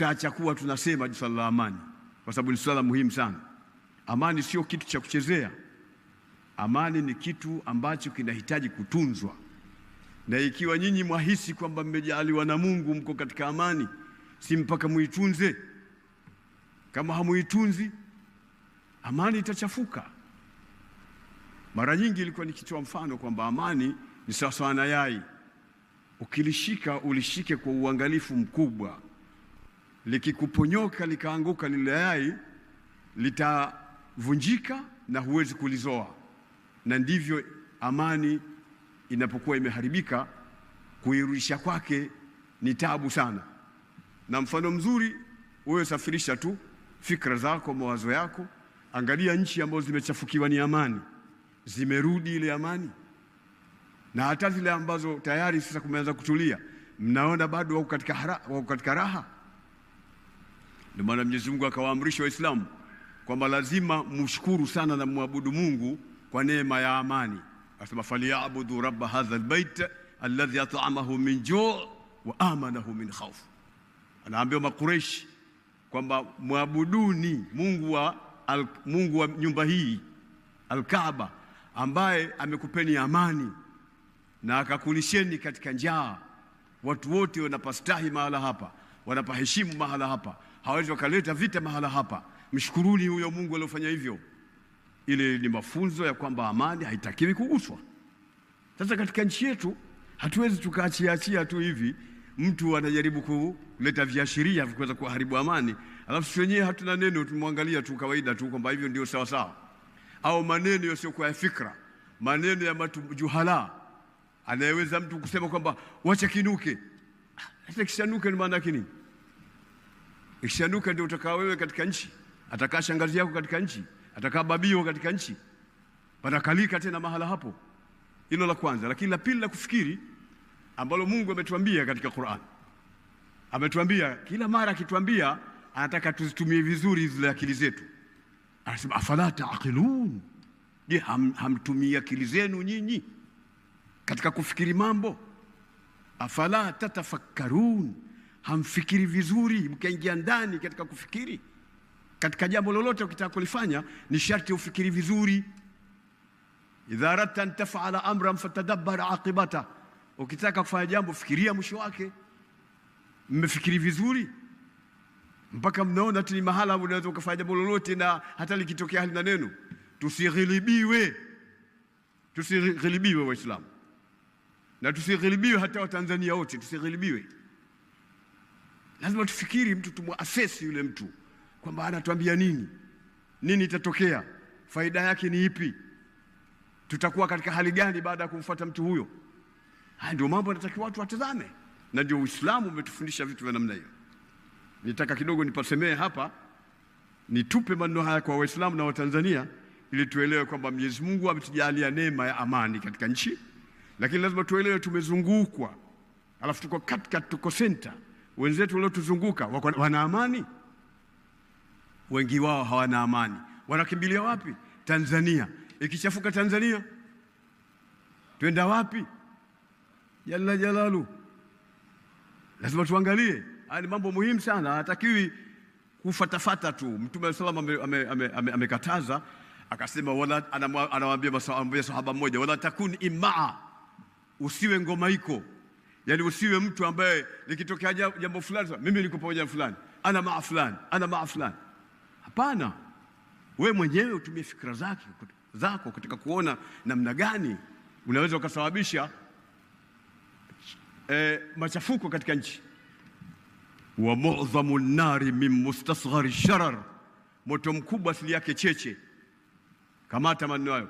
tutaacha kuwa tunasema swala la amani, kwa sababu ni swala muhimu sana. Amani sio kitu cha kuchezea. Amani ni kitu ambacho kinahitaji kutunzwa, na ikiwa nyinyi mwahisi kwamba mmejaliwa na Mungu mko katika amani, si mpaka muitunze? Kama hamuitunzi amani itachafuka. Mara nyingi ilikuwa nikitoa mfano kwamba amani ni sawasawa na yai, ukilishika ulishike kwa uangalifu mkubwa likikuponyoka likaanguka lile yai litavunjika na huwezi kulizoa. Na ndivyo amani inapokuwa imeharibika, kuirudisha kwake ni tabu sana. Na mfano mzuri, wewe safirisha tu fikra zako, mawazo yako, angalia nchi ambazo zimechafukiwa ni amani, zimerudi ile amani, na hata zile ambazo tayari sasa kumeanza kutulia, mnaona bado wako katika, katika raha ndio maana Mwenyezi Mungu akawaamrisha Waislamu kwamba lazima mshukuru sana na mwabudu Mungu kwa neema ya amani. Asema faliyabudu rabba hadha albayt alladhi at'amahu min ju' wa amanahu min khawf. Anaambia Makureshi kwamba mwabuduni Mungu wa, al, Mungu wa nyumba hii Alkaaba ambaye amekupeni amani na akakulisheni katika njaa. Watu wote wanapastahi mahala hapa, wanapaheshimu mahala hapa hawezi wakaleta vita mahala hapa. Mshukuruni huyo Mungu aliyofanya hivyo. Ile ni mafunzo ya kwamba amani haitakiwi kuguswa. Sasa katika nchi yetu hatuwezi tukaachiaachia tu hivi, mtu anajaribu kuleta viashiria vikuweza kuharibu amani, alafu sisi wenyewe hatuna neno, tumwangalia tu kawaida tu kwamba hivyo ndio sawa sawa, au maneno yasiyokuwa ya fikra, maneno ya matu juhala, anayeweza mtu kusema kwamba wacha kinuke. Sasa kishanuke ni maana yake nini? Ikishanuka ndio utakaa wewe katika nchi, atakaa shangazi yako katika nchi, atakaa babio katika nchi, patakalika tena mahala hapo. Hilo la kwanza. Lakini la pili la kufikiri ambalo Mungu ametuambia katika Qur'an, ametuambia kila mara, akituambia anataka tuzitumie vizuri zile akili zetu. Anasema afala taqilun, je, ham, hamtumii akili zenu nyinyi katika kufikiri mambo? Afala tatafakkarun hamfikiri vizuri, mkaingia ndani katika kufikiri. Katika jambo lolote ukitaka kulifanya ni sharti ufikiri vizuri. Idha aradta an tafala amran fatadabbar aqibata, ukitaka kufanya jambo fikiria mwisho wake. Mmefikiri vizuri mpaka mnaona tu ni mahala unaweza ukafanya jambo lolote, na hata likitokea hali na neno, tusighilibiwe, tusighilibiwe Waislamu na tusighilibiwe hata Watanzania wote, tusighilibiwe lazima tufikiri mtu, tumwasesi yule mtu kwamba anatuambia nini, nini itatokea, faida yake ni ipi, tutakuwa katika hali gani baada ya kumfuata mtu huyo. Haya ndio mambo anatakiwa watu watazame, na ndio Uislamu umetufundisha vitu vya namna hiyo. Nitaka kidogo nipasemee hapa, nitupe maneno haya kwa Waislamu na Watanzania ili tuelewe kwamba Mwenyezi Mungu ametujalia neema ya amani katika nchi, lakini lazima tuelewe tumezungukwa, alafu tuko katikati, tuko center wenzetu waliotuzunguka wana amani? Wengi wao hawana amani. Wanakimbilia wapi? Tanzania. Ikichafuka Tanzania twenda wapi? Jalla jalalu, lazima tuangalie. Haya ni mambo muhimu sana, hatakiwi kufatafata tu. Mtume wa salam amekataza, ame, ame, ame akasema wala, anawaambia sahaba mmoja, wala takun imaa, usiwe ngoma iko yani usiwe mtu ambaye likitokea jambo fulani, mimi niko pamoja fulani, ana maa fulani, ana maa fulani. Hapana, we mwenyewe utumie fikra zake, zako katika kuona namna gani unaweza ukasababisha e, machafuko katika nchi. wa mu'dhamu nari min mustasghari sharar, moto mkubwa asili yake cheche. Kamata maneno hayo,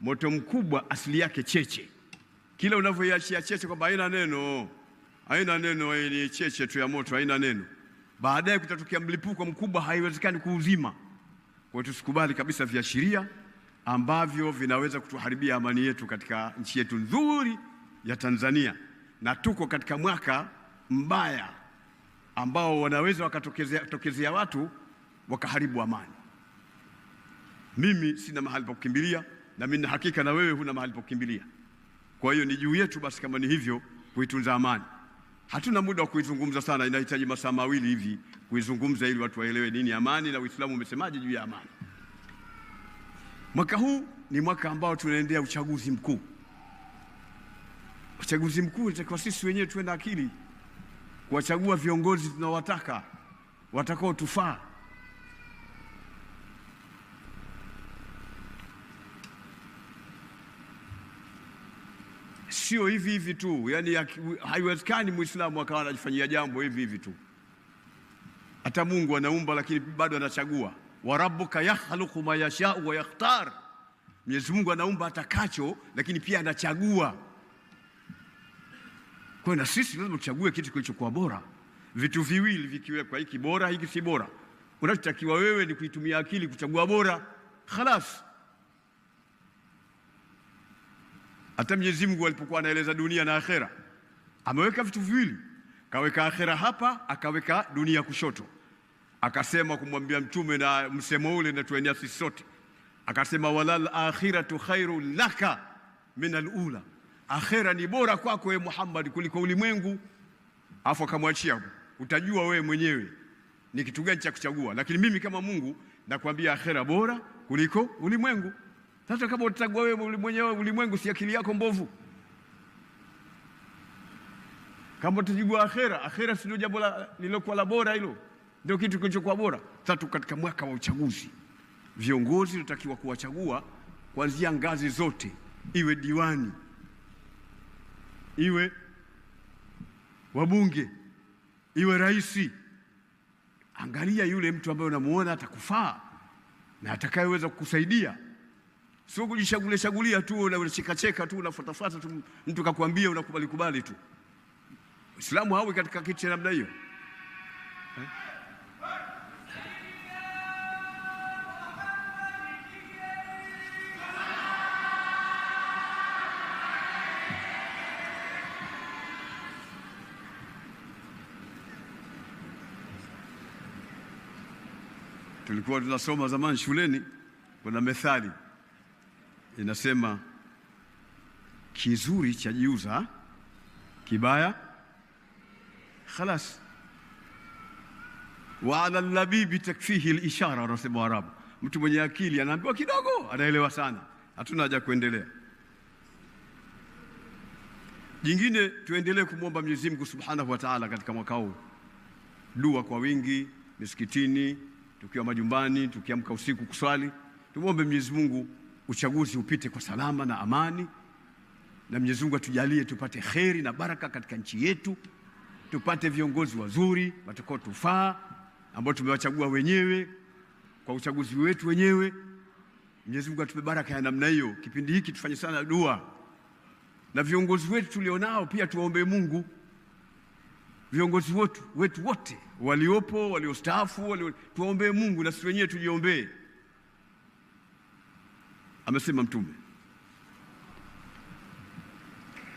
moto mkubwa asili yake cheche kila unavyoiachia cheche kwamba haina neno, haina neno, ni cheche tu ya moto, haina neno, baadaye kutatokea mlipuko mkubwa, haiwezekani kuuzima. Kwa hiyo tusikubali kabisa viashiria ambavyo vinaweza kutuharibia amani yetu katika nchi yetu nzuri ya Tanzania, na tuko katika mwaka mbaya ambao wanaweza wakatokezea watu wakaharibu amani. Mimi sina mahali pa kukimbilia, na mimi na hakika na wewe huna mahali pa kukimbilia. Kwa hiyo ni juu yetu basi, kama ni hivyo, kuitunza amani. Hatuna muda wa kuizungumza sana, inahitaji masaa mawili hivi kuizungumza ili watu waelewe nini amani na Uislamu umesemaje juu ya amani. Mwaka huu ni mwaka ambao tunaendea uchaguzi mkuu. Uchaguzi mkuu itakiwa sisi wenyewe tuwe na akili kuwachagua viongozi tunawataka watakao tufaa sio hivi hivi tu, yani haiwezekani Muislamu akawa anajifanyia jambo hivi hivi tu. Hata Mungu anaumba, lakini bado anachagua. wa rabbuka yakhluqu ma yashau wa yakhtar, Mwenyezi Mungu anaumba atakacho, lakini pia anachagua. Kwa hiyo na sisi lazima tuchague kitu kilichokuwa bora. Vitu viwili vikiwekwa, hiki bora, hiki si bora, unachotakiwa wewe ni kuitumia akili kuchagua bora, khalas Hata Mwenyezi Mungu alipokuwa anaeleza dunia na akhera, ameweka vitu viwili, kaweka akhera hapa, akaweka dunia kushoto. Akasema kumwambia mtume na msemo ule natuenia sisi sote, akasema walal akhiratu khairu laka min alula, akhera ni bora kwako wewe Muhammad kuliko ulimwengu. Afu akamwachia utajua wewe mwenyewe ni kitu gani cha kuchagua, lakini mimi kama Mungu nakwambia akhera bora kuliko ulimwengu. Sasa kama utachagua wewe mwenyewe ulimwengu, si akili yako mbovu? Kama utachagua akhera, akhera si ndio jambo lilokuwa la bora, hilo ndio kitu kilichokuwa bora. Tatu, katika mwaka wa uchaguzi, viongozi tunatakiwa kuwachagua kuanzia ngazi zote, iwe diwani, iwe wabunge, iwe rais. Angalia yule mtu ambaye unamuona atakufaa na atakayeweza kukusaidia sio kujishagulia shagulia tu, cheka tu, unafuatafuata tu, mtu kakwambia unakubali kubali tu. Uislamu hawi katika kitu cha namna hiyo Tulikuwa tunasoma zamani shuleni, kuna methali inasema kizuri cha jiuza, kibaya khalas. Wa ala labibi takfihi lishara, wanasema Waarabu. Mtu mwenye akili anaambiwa kidogo, anaelewa sana. Hatuna haja kuendelea. Jingine, tuendelee kumwomba Mwenyezi Mungu Subhanahu wa Ta'ala katika mwaka huu, dua kwa wingi misikitini, tukiwa majumbani, tukiamka usiku kuswali, tumwombe Mwenyezi Mungu uchaguzi upite kwa salama na amani, na Mwenyezi Mungu atujalie tupate kheri na baraka katika nchi yetu, tupate viongozi wazuri watakao tufaa ambao tumewachagua wenyewe kwa uchaguzi wetu wenyewe. Mwenyezi Mungu atupe baraka ya namna hiyo. Kipindi hiki tufanye sana dua na viongozi wetu tulionao, pia tuwaombe Mungu viongozi wetu wetu wote waliopo, waliostaafu, walio, tuwaombee Mungu na sisi wenyewe tujiombee amesema Mtume,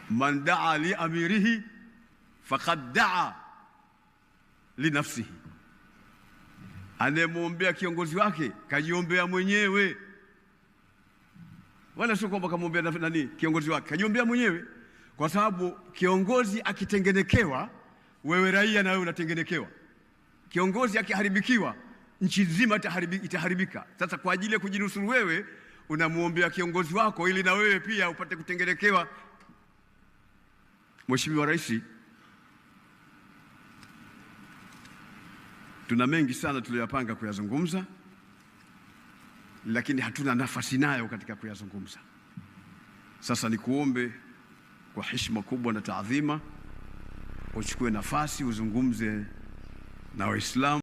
man daa li amirihi faqad daa li nafsihi, anayemwombea kiongozi wake kajiombea mwenyewe, wala sio kwamba kamwombea nani kiongozi wake, kajiombea mwenyewe, kwa sababu kiongozi akitengenekewa, wewe raia na wewe unatengenekewa. Kiongozi akiharibikiwa, nchi nzima itaharibika. Sasa kwa ajili ya kujinusuru wewe unamwombea kiongozi wako ili na wewe pia upate kutengenekewa. Mheshimiwa Rais, tuna mengi sana tuliyopanga kuyazungumza, lakini hatuna nafasi nayo katika kuyazungumza. Sasa nikuombe kwa heshima kubwa na taadhima, uchukue nafasi uzungumze na Waislamu.